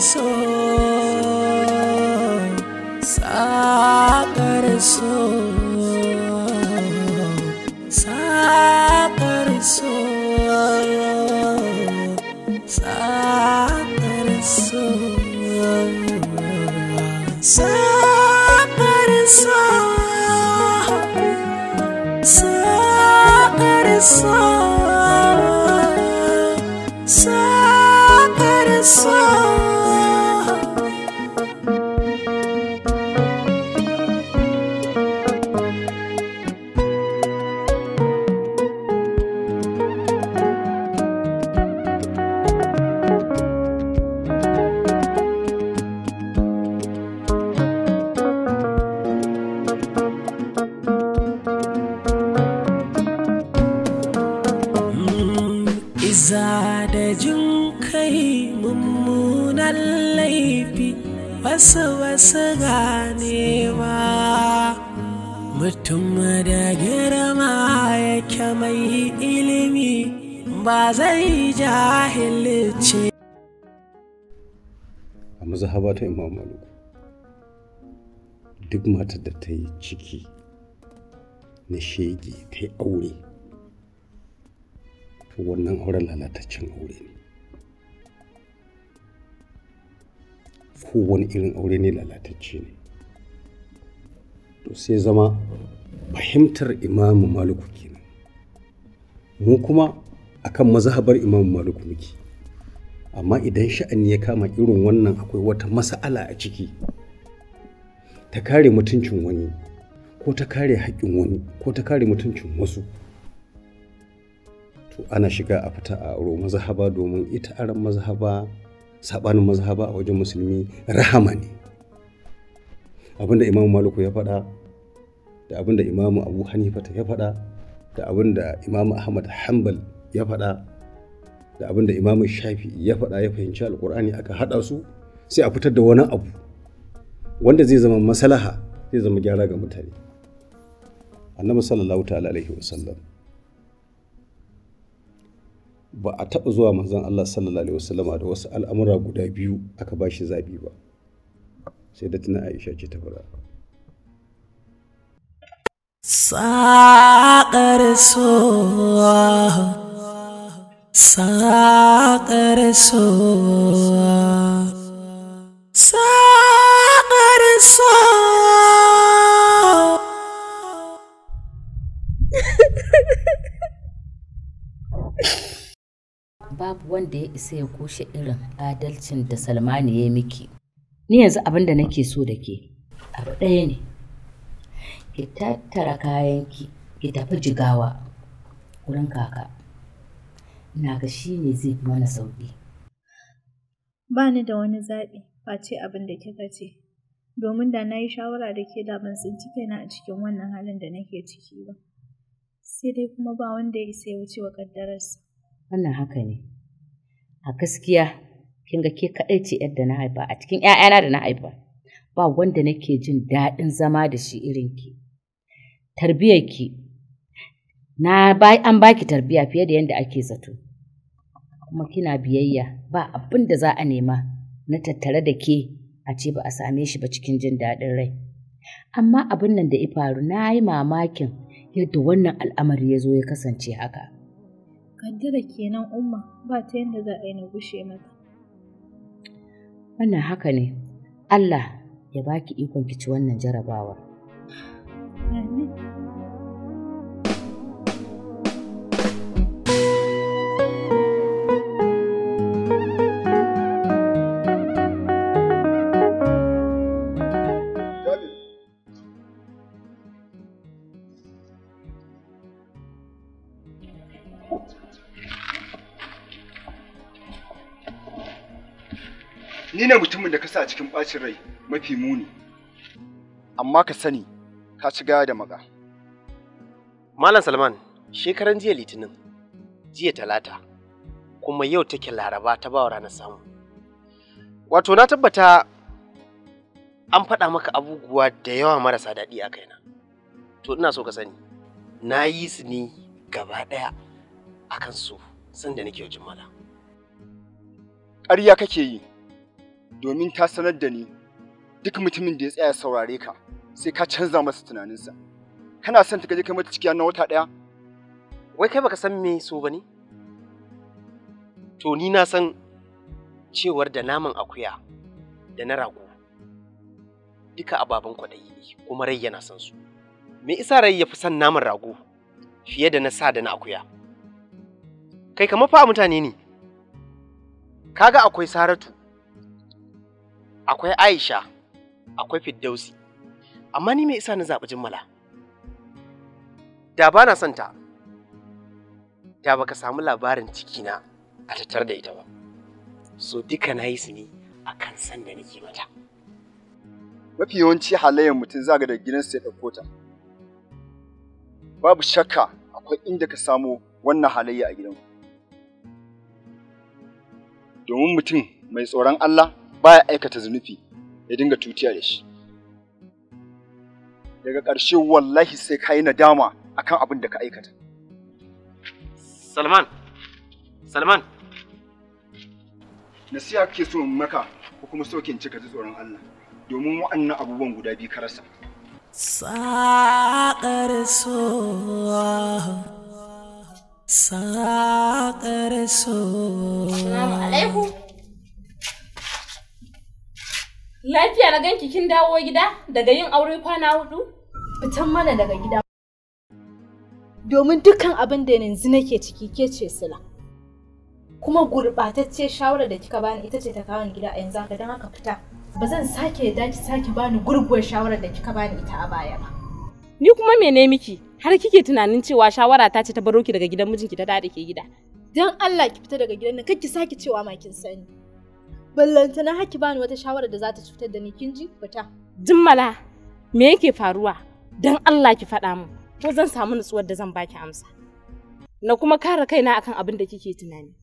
so saƙar so saƙar so saƙar so saƙar so saƙar so wasu wasu ganewa mutum da girma yake mai ilimi ba zai jahilce a mazhaba ta imam malik duk matar da ta yi ciki na shege ta yi aure to wannan auren lalatacin aure ne ko wani irin aure ne lalatacce ne to sai zama fahimtar imamu maluku kenan mu kuma akan mazahabar imamu maliku muke amma idan sha'ani ya kama irin wannan akwai wata mas'ala a ciki ta kare mutuncin wani ko ta kare haƙƙin wani ko ta kare mutuncin wasu to ana shiga a fita a aro mazhaba domin ita aron mazhaba saɓanin mazhaba a wajen musulmi rahama ne abinda imam Maluku ya faɗa da abinda imamu abu hanifata ya faɗa da abinda imamu ahmad hanbal ya faɗa da abinda imamu shafi ya faɗa ya fahimci alkur'ani aka haɗa su sai a fitar da wani abu wanda zai zama masalaha zai zama gyara ga mutane annabi sallallahu ta'ala alaihi wasallam ba a taɓa zuwa manzon Allah sallallahu alaihi wasallama da wasu al'amura guda biyu aka ba shi zaɓi ba sai da tuna Aisha ce ta fara saƙar so saƙar so saƙar so wanda ya isa ya kushe irin adalcin da salmani ya yi miki ni yanzu abin da nake so da ke abu ɗaya ne ki tattara kayanki ki tafi jigawa wurin kaka na ga shi ne zai fi mana sauƙi ba ni da wani zaɓi face abin da kika ce domin da na yi shawara da ke da ban cike na a cikin wannan halin da nake ciki ba sai dai kuma ba wanda ya isa ya wuce wa ƙaddararsa wannan haka ne a gaskiya kin ga ke kaɗai ce yadda na haifa a cikin ‘ya'yana da na haifa ba wanda nake jin daɗin zama da shi irin ki tarbiyyarki na an baki tarbiyya fiye da yadda ake zato kuma kina biyayya ba abin da za a nema na tattare da ke a ce ba a same shi ba cikin jin daɗin rai amma abin nan da ya faru na yi mamakin yadda wannan al'amari ya zo ya kasance haka Kaddara kenan umma ba ta yadda za a yi na gushe mata. Wannan haka ne, Allah ya baki ikon ki wannan jarabawar. ne mutumin da ka sa cikin ɓacin rai mafi muni. Amma ka sani, ka ci gaya da maka. Malam Salman, shekaran jiya Litinin, jiya Talata, kuma yau take Laraba ta bawa ranar samu. Wato na tabbata an faɗa maka abubuwa da yawa marasa daɗi a kaina. To ina so ka sani, na yi su ne gaba ɗaya a kan su sanda nake wajen mala. Ƙarya kake yi. domin ta sanar da ni duk mutumin da ya tsaya saurare ka sai ka canza masa tunaninsa kana son ta kaje kai mata ciki na wata ɗaya wai kai baka san me so ba ne to ni na san cewar da naman akuya da na rago duka ababen kwaɗayi ne kuma rai yana san su me isa rai ya fi son naman rago fiye da na sa da na akuya kai kamar fa mutane ne kaga akwai saratu akwai Aisha, akwai Fiddausi. Amma ni mai isa na zaɓi Jummala? Da ba na son ta, da baka samu labarin cikina a tattar da ita ba. So duka na yi su ne a kan san da nake mata. Mafi yawanci halayen mutum zaga da gidansa ya ɗauko ta. Babu shakka akwai inda ka samu wannan halayya a gidanku. Domin mutum mai tsoron Allah baya aikata zunubi ya dinga tutiya da shi daga ƙarshe wallahi sai ka yi nadama akan abin da ka aikata salman salman nasiha kake so maka ko kuma so kin cika ji tsoron Allah domin wa'annan abubuwan guda biyu ka rasa saƙar so saƙar so alaikum Lafiya na ganki kin dawo gida daga yin aure kwana hudu? Fitan mana daga gida. Domin dukkan abin da yanzu nake ciki ke ce sila. Kuma gurɓatacce shawara da kika bani ita ce ta kawo gida a yanzu haka don haka fita. Ba zan sake da ki sake bani gurguwar shawarar da kika bani ita a baya ba. Ni kuma me ne miki? Har kike tunanin cewa shawara ta ce ta baro ki daga gidan mijinki ta dade ke gida. Don Allah ki fita daga gidan nan kar ki sake cewa ma kin sani. ballantana haki bani wata shawara da za ta cutar da ni kin ji fita jimmala me yake faruwa dan Allah ki faɗa min ko zan samu nutsuwar da zan baki amsa na kuma kare kaina akan abin da kike tunani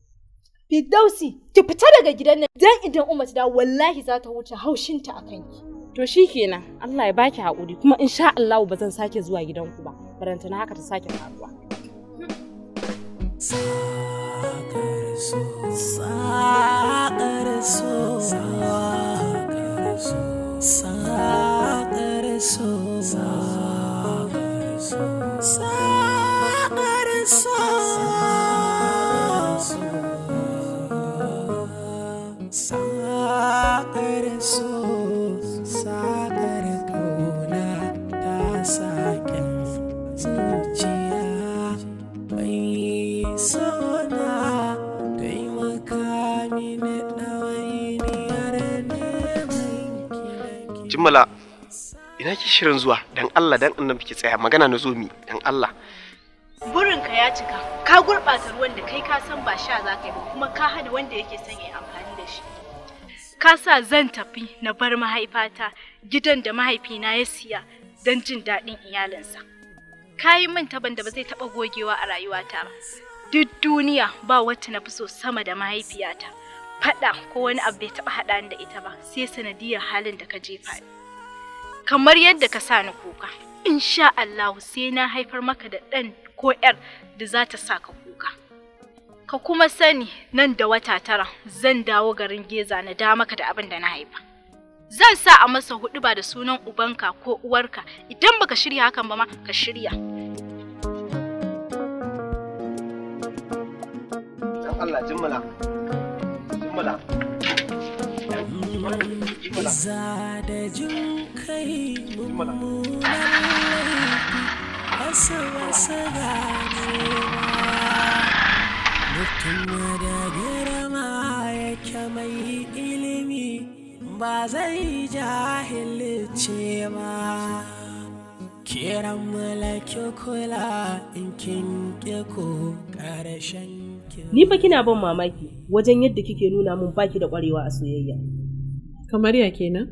Fidausi, ki fita daga gidan nan dan idan Umma ta dawo wallahi za ta wuce ta akan ki To shikenan, Allah ya baki hakuri, kuma insha Allah ba zan sake zuwa gidan ku ba. Barantana haka ta sake faruwa. Sakaraso, Sakaraso, Sakaraso, Sakaraso, Sakaraso, Sakaraso, jimala ina ki shirin zuwa dan Allah dan annabi ki tsaya magana na zomi dan Allah ka ya cika ka gurɓata ruwan da kai ka san ba sha za ka yi ba kuma ka hana wanda yake son ya amfani da shi ka sa zan tafi na bar mahaifata gidan da mahaifina ya siya don jin daɗin iyalinsa ka yi min taban da ba zai taɓa gogewa a rayuwata ba duk duniya ba wacce na fi so sama da mahaifiyata faɗa ko wani abu bai taɓa haɗa ni da ita ba sai sanadiyar halin da ka je ni kamar yadda ka sa ni kuka insha Allahu sai na haifar maka da ɗan ko ƴar da za ta sa ka kuka ka kuma sani nan da wata tara zan dawo garin geza na da maka da abin da na haifa zan sa a masa hudu ba da sunan ubanka ko uwarka idan baka shirya hakan ba ma ka shirya Allah jimmala za da jin kai mummunan wasu wasu mutum da girma yake mai ilimi ba zai jahilce ba kiran mulki kula in kin ƙi ko ƙarshen Ni fa kina ban mamaki wajen yadda kike nuna min baki da kwarewa a soyayya. Kamar ya kenan?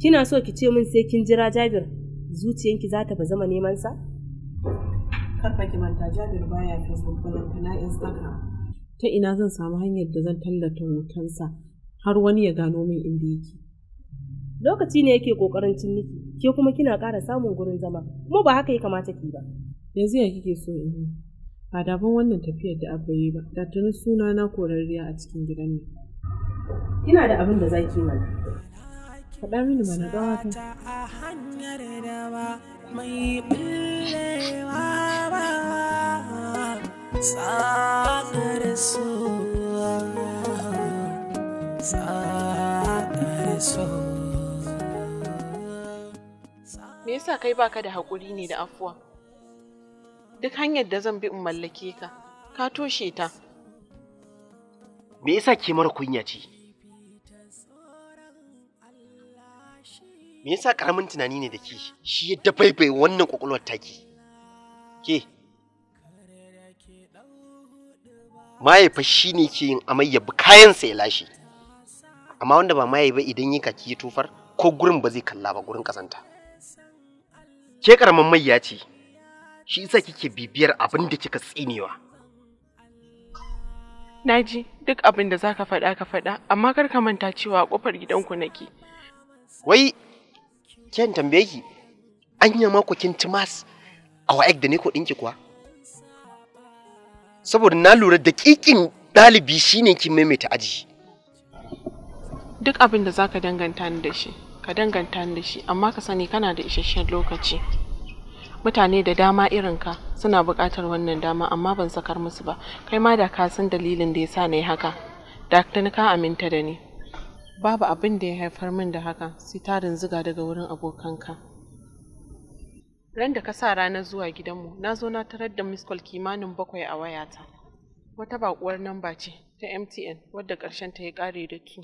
Kina so ki ce min sai kin jira Jabir zuciyanki za ta zama neman sa? Karfa ki manta Jabir baya Facebook ko na Instagram. Ta ina zan samu hanyar da zan tallata hotonsa har wani ya gano min inda yake. Lokaci ne yake kokarin cin niki ke kuma kina ƙara samun gurin zama, kuma ba haka ya kamata ki ba. Yanzu ya kike so in yi? ba da ban wannan tafiyar da abba yi ba da tuni suna na korarriya a cikin gidan nan Ina da abin da zaki mana faɗa mini mana ba mai ɓillewa ba tsakar suwa tsakar suwa me yasa kai baka da haƙuri ne da afuwa duk hanyar da zan bi in mallake ka ka toshe ta me yasa ke mara kunya ce me yasa karamin tunani ne da ke shi ya bai wannan kwakwalwar taki ke mahaifa shi ne ke yin amai ya bi kayansa ya lashe amma wanda ba mahaifa idan yi kaki ya tofar ko gurin ba zai kalla ba gurin kasanta ke karamin mai ya ce shi sa kike bibiyar abin da kika tsinewa naji duk abin da ka faɗa ka faɗa amma kar ka manta cewa kofar gidanku nake wai kyan tambaye ki anya yi kin timas a wa'ek da ne ko ɗinki kuwa saboda na lura da kikin ɗalibi shine kin maimaita aji duk abin da ka danganta ni da shi ka danganta ni da shi amma ka sani kana da isasshen lokaci mutane da dama irin ka suna buƙatar wannan dama amma ban sakar musu ba kai ma da ka san dalilin da yasa na yi haka da ka aminta da ni babu abin da ya haifar min da haka sai tarin ziga daga wurin abokanka ran da ka sa rana zuwa gidanmu na zo na tarar da call kimanin bakwai a wayata wata bakuwar namba ce ta mtn wadda ƙarshen ta ya ƙare da ki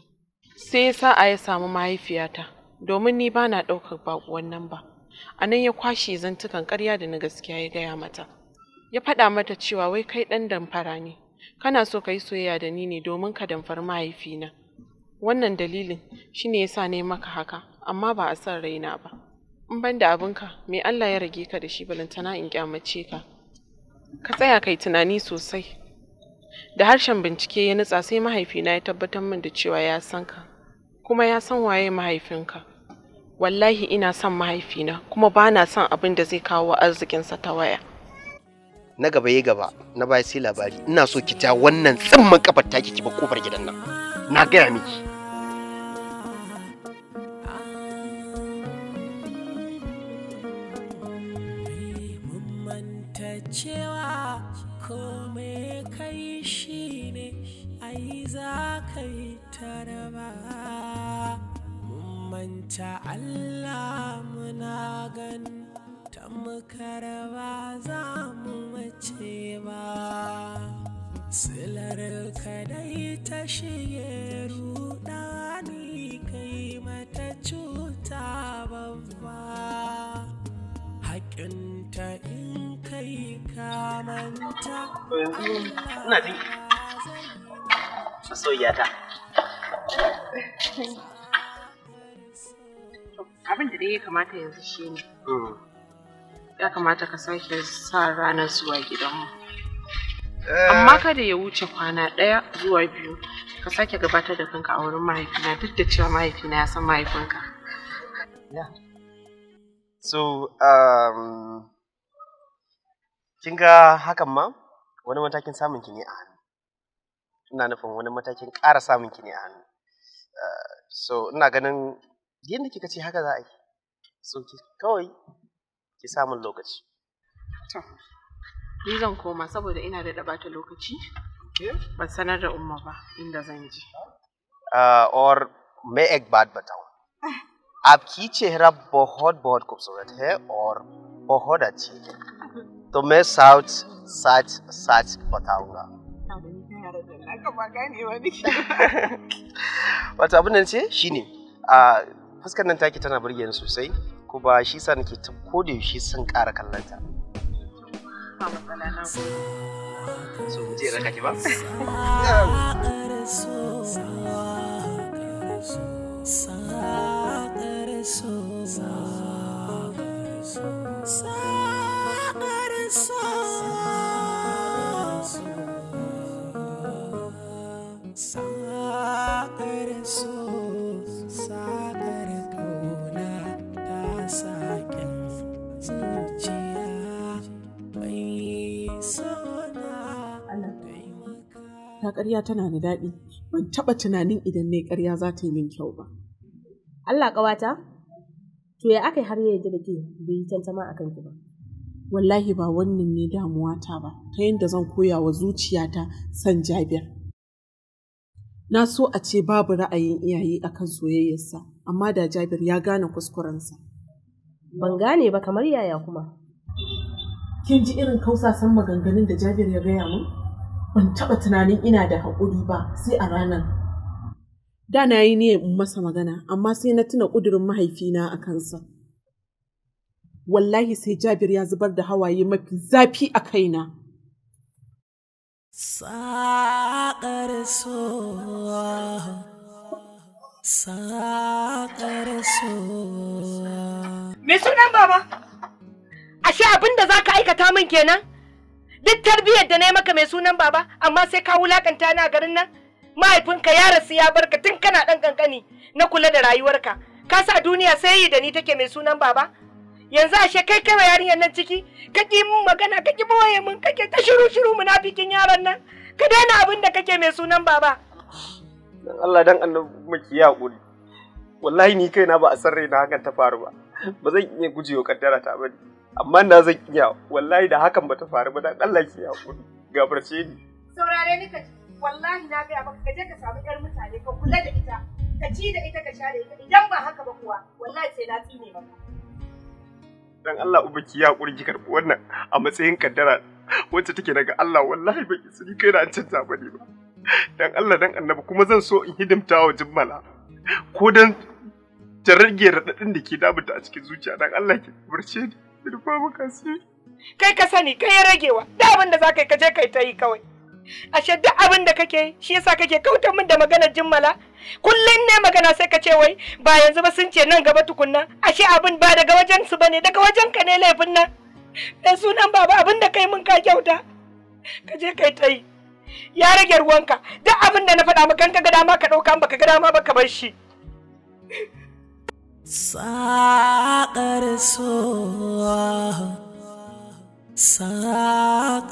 sai sa'a ya samu mahaifiyata domin ni ba na ɗaukar bakuwar namba a nan ya kwashe zantukan ƙarya da na gaskiya ya gaya mata ya faɗa mata cewa wai kai ɗan damfara ne kana so ka yi soyayya da ni ne domin ka damfari mahaifina wannan dalilin shi shine yasa ne maka haka amma ba a san raina ba in ban da abinka me Allah ya rage ka da shi balantana in kyamace ka ka tsaya kai tunani sosai da harshen bincike ya nutsa sai mahaifina ya tabbatar min da cewa ya san ka kuma ya san waye mahaifinka wallahi ina son mahaifina kuma ba na son abin da zai kawo arzikinsa ta waya na gaba ya gaba na baya sai labari ina so ki ta wannan tsimman kafar taki ki ba kofar gidan nan na gaya miki cewa kome ne ai za taraba manta Allah muna gan ta ba za mu mace ba silar kadai ta shige ni kai mata cuta babba ta in kai kamanta ina jin abin da dai ya kamata yanzu shi ne hmm. ya kamata ka sake sa ranar zuwa gidanmu eh. amma kada ya wuce kwana ɗaya zuwa biyu ka sake gabatar da kanka a wurin mahaifina duk da cewa mahaifina ya san mahaifinka so um, kin ga hakan ma wani matakin samun ki ne a hannu ina nufin wani matakin ƙara samun ki ne a hannu eh, so ina ganin yadda kika ce haka za a yi so ki kawai ki samun lokaci ni zan koma saboda ina da ɗaba lokaci ba sanar da umma ba inda zan ji ah, or may egg bad batawa ab ki ce hira bohot bohot kubsorat he or bohot a ce to may south such such batawa wata abin nan ce ne. fuskar nan taki tana burge sosai ko ba shi sa nake ta koda yaushe sun ƙara kallon ta so mu je raka ki ba so Karya tana da daɗi ban taɓa tunanin idan na ƙarya za ta yi min kyau ba. Allah ƙawata, to ya aka har ya da ke bai yi tantama a kanki ba. Wallahi ba wannan ne damuwata ba, ta yadda zan koya wa zuciyata san jabir. Na so a ce babu ra'ayin iyaye akan soyayyarsa, amma da jabir ya gane kuskurensa. Ban gane ba kamar yaya kuma. Kin ji irin san maganganun da jabir ya gaya mun? ban taɓa tunanin ina da haƙuri ba sai a ranar. Da na yi niyyar in masa magana, amma sai na tuna ƙudurin mahaifina a kansa. Wallahi sai Jabir ya zubar da hawaye mafi zafi a kaina. Saƙar sowa, saƙar sowa. Me sunan baba? Ashe abinda da za ka aikata min kenan? duk tarbiyyar da na yi maka mai sunan baba amma sai ka wulakanta a garin nan mahaifinka ya rasu ya barka tun kana dan kankani na kula da rayuwarka ka sa duniya sai yi da ni take mai sunan baba yanzu ashe kai kai yarinyar nan ciki ka ƙi min magana ka ƙi boye ka kake ta shiru shiru munafikin yaron nan ka daina abin da kake mai sunan baba dan Allah dan annabi maki ya hakuri wallahi ni kaina ba a san raina hakan ta faru ba ba zan iya gujewa kaddara ta bane amma na zan iya wallahi da hakan bata faru ba dan Allah ki hakuri gafarce ni saurare ni ka wallahi na ga maka ka je ka samu yar mutane ka kula da ita ka ci da ita ka share ita idan ba haka ba kuwa wallahi sai na tsine maka dan Allah uba ki hakuri ki karbi wannan a matsayin kaddara wacce take daga Allah wallahi ba ki sani kai na an canza ba ne ba dan Allah dan annabi kuma zan so in hidimta wa jimmala ko dan ta rage raɗaɗin da ke damunta a cikin zuciya dan Allah ki barce ni muka Kai ka sani, kai ya ragewa. Da abin da za ka yi ka je kai ta yi kawai. Ashe duk abin da kake shi yasa kake kautar min da maganar jimmala. Kullum ne magana sai ka ce wai ba yanzu ba sun ce nan gaba tukunna. Ashe abin ba daga wajen su bane daga wajen ka ne laifin nan. Ɗan sunan baba abin da kai mun ka kyauta. Ka je kai ta yi. Ya rage ruwanka. Duk abin da na faɗa maka kan ka ga dama ka ɗauka baka ga dama ba ka bar shi. saƙar saƙar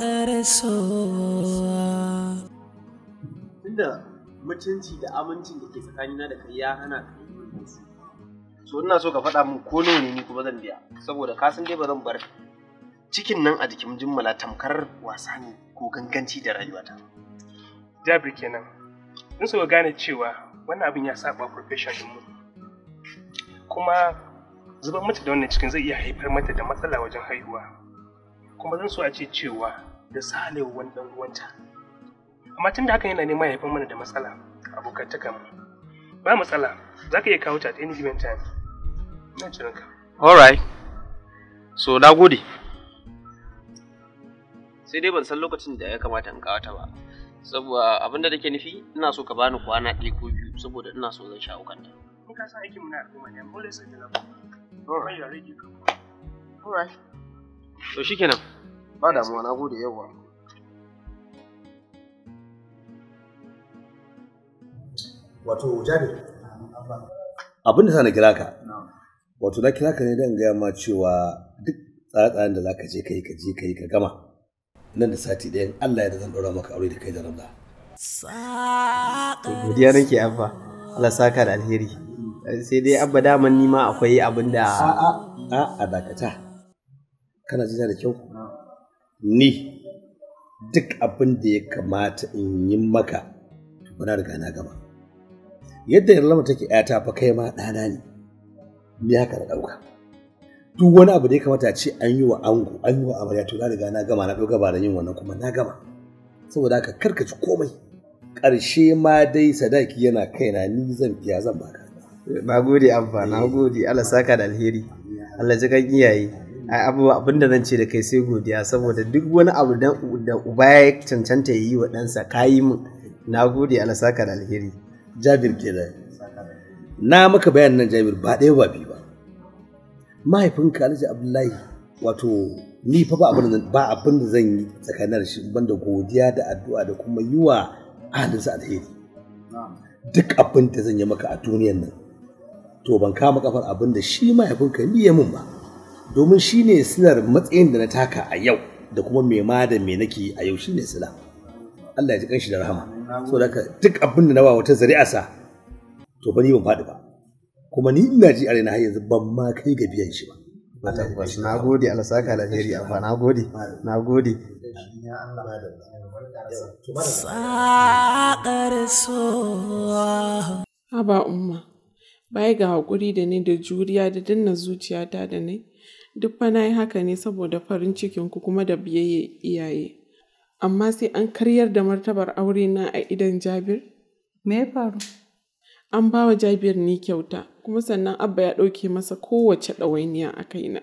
tunda mutunci da amincin da ke tsakanina da kai ya hana ka yi so ina so ka faɗa min ko nawa ne ni kuma zan biya saboda ka san dai ba zan bar cikin nan a jikin jimmala tamkar wasa ne ko ganganci da rayuwata jabir kenan in ga gane cewa wani abin ya saba profession din kuma zubar mata da wannan cikin zai iya haifar mata da matsala wajen haihuwa kuma zan so a ce cewa da salewa wannan dan uwanta amma da hakan yana neman haifar mana da matsala abokantakan mu ba matsala za ka iya kawo ta at any given time ina jiran ka right. so na gode sai dai ban san lokacin da ya kamata in kawata ba saboda abin da take nufi ina so ka bani kwana ɗaya ko biyu saboda ina so zan shawo kanta ka san aikin mu na al'umma ne dole sai da lafiya kuma ya rage ka alright to shikenan ba damuwa na gode yawa wato jabir abin da na kira ka wato na kira ka ne don gaya ma cewa duk tsare-tsaren da zaka je kai ka je kai ka gama nan da sati ɗayan Allah ya da zan ɗora maka aure da kai da Ramla. Godiya nake amfa. Allah saka da alheri. sai dai abba daman ni ma akwai abin da a a dakata kana jina da kyau ni duk abin da ya kamata in yi maka na riga na gaba yadda lamar take yata fa kai ma ɗana ne ni haka da ɗauka duk wani abu da ya kamata ce an yi wa ango an yi wa amarya to na riga na gama na ɗauka ba da yin wannan kuma na gama saboda haka karkaci komai ƙarshe ma dai sadaki yana kaina ni zan fiya zan baka na gode abba na eh. gode Allah saka da alheri Allah ji kan iyaye abubuwa abin da zan ce da kai sai godiya saboda duk wani abu da uba ya cancanta ya yi wa ɗansa kayi min na gode Allah saka da alheri jabir kenan na maka bayan nan jabir ba ɗaya ba biyu ba mahaifinka alhaji abdullahi wato ni fa ba abin da zan yi tsakanin shi banda godiya da addu'a da kuma yi wa ahalinsa alheri duk abin da zan yi maka a duniyan nan to ban kama kafar abin da shi mahaifinka ni ya mun ba domin shi ne silar matsayin da na taka a yau da kuma me ma da me nake a yau shi ne sila Allah ya ji kanshi da rahama saboda duk abin da na ba wata sa to ba ni ban faɗi ba kuma ni ina ji a raina har yanzu ban ma kai ga biyan shi ba na gode Allah saka alheri amma na gode na gode Saƙar so. Haba umma, Baya ga haƙuri da ni da juriya da danna zuciyata da ni? duk fa na yi haka ne saboda farin cikin ku kuma da biyayya iyaye. Amma sai an karyar da martabar aure na a idan Jabir? Me ya faru? An ba wa Jabir ni kyauta, kuma sannan Abba ya ɗauke masa kowace ɗawainiya a kaina,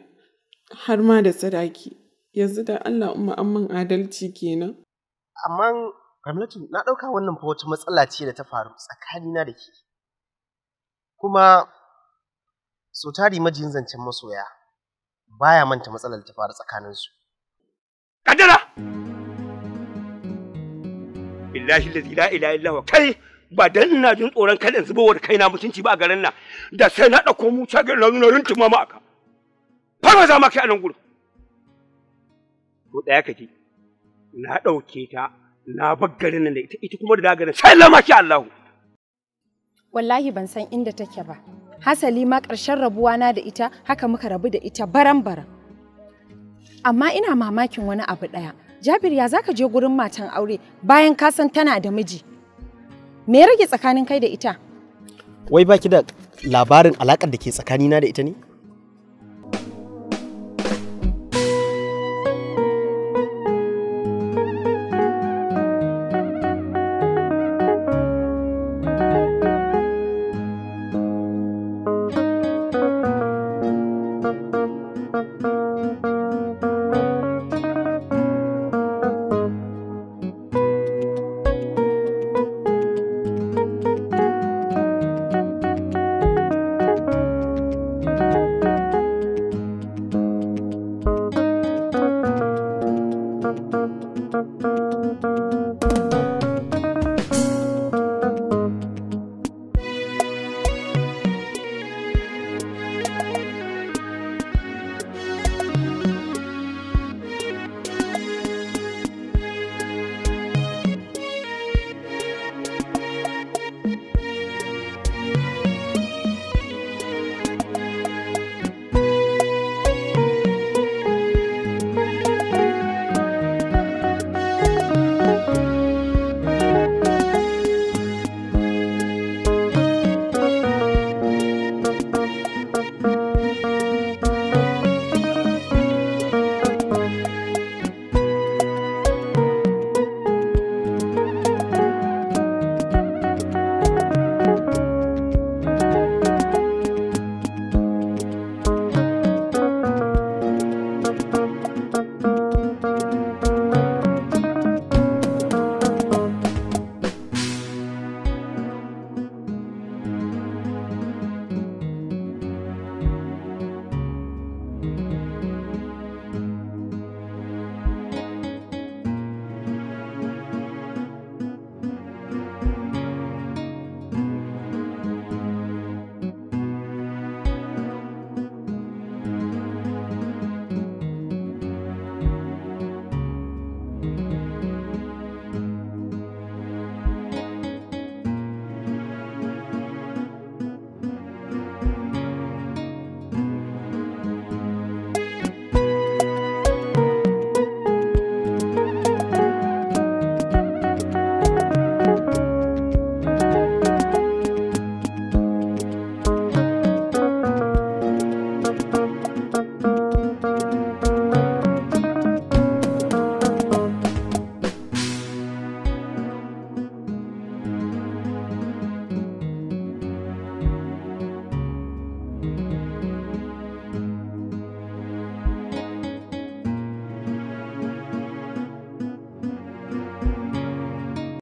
har ma da sadaki. Yanzu da Allah umma an min adalci kenan. Amma na ɗauka wannan fa wata matsala ce da ta faru tsakanina da ke. Kuma so tari majiyin zancen masoya baya manta matsalar ta faru tsakaninsu. Kadara! Billahi da ila ila illa wa kai ba dan ina jin tsoron kai yanzu bawa kai na mutunci ba a garin nan da sai na ɗauko mu ta garin nan runtuma ma aka. Fara za ma kai a nan gudu. Ko ɗaya ka na ɗauke ta na bar garin nan da ita ita kuma da dagarin sai lamaki Allahu. wallahi ban san inda take ba hasali ma ƙarshen rabuwa na da ita haka muka rabu da ita baran baran amma ina mamakin wani abu ɗaya jabir ya zaka je gurin matan aure bayan ka san tana da miji me ya rage tsakanin kai da ita wai baki da labarin alaƙar da ke tsakanina da ita ne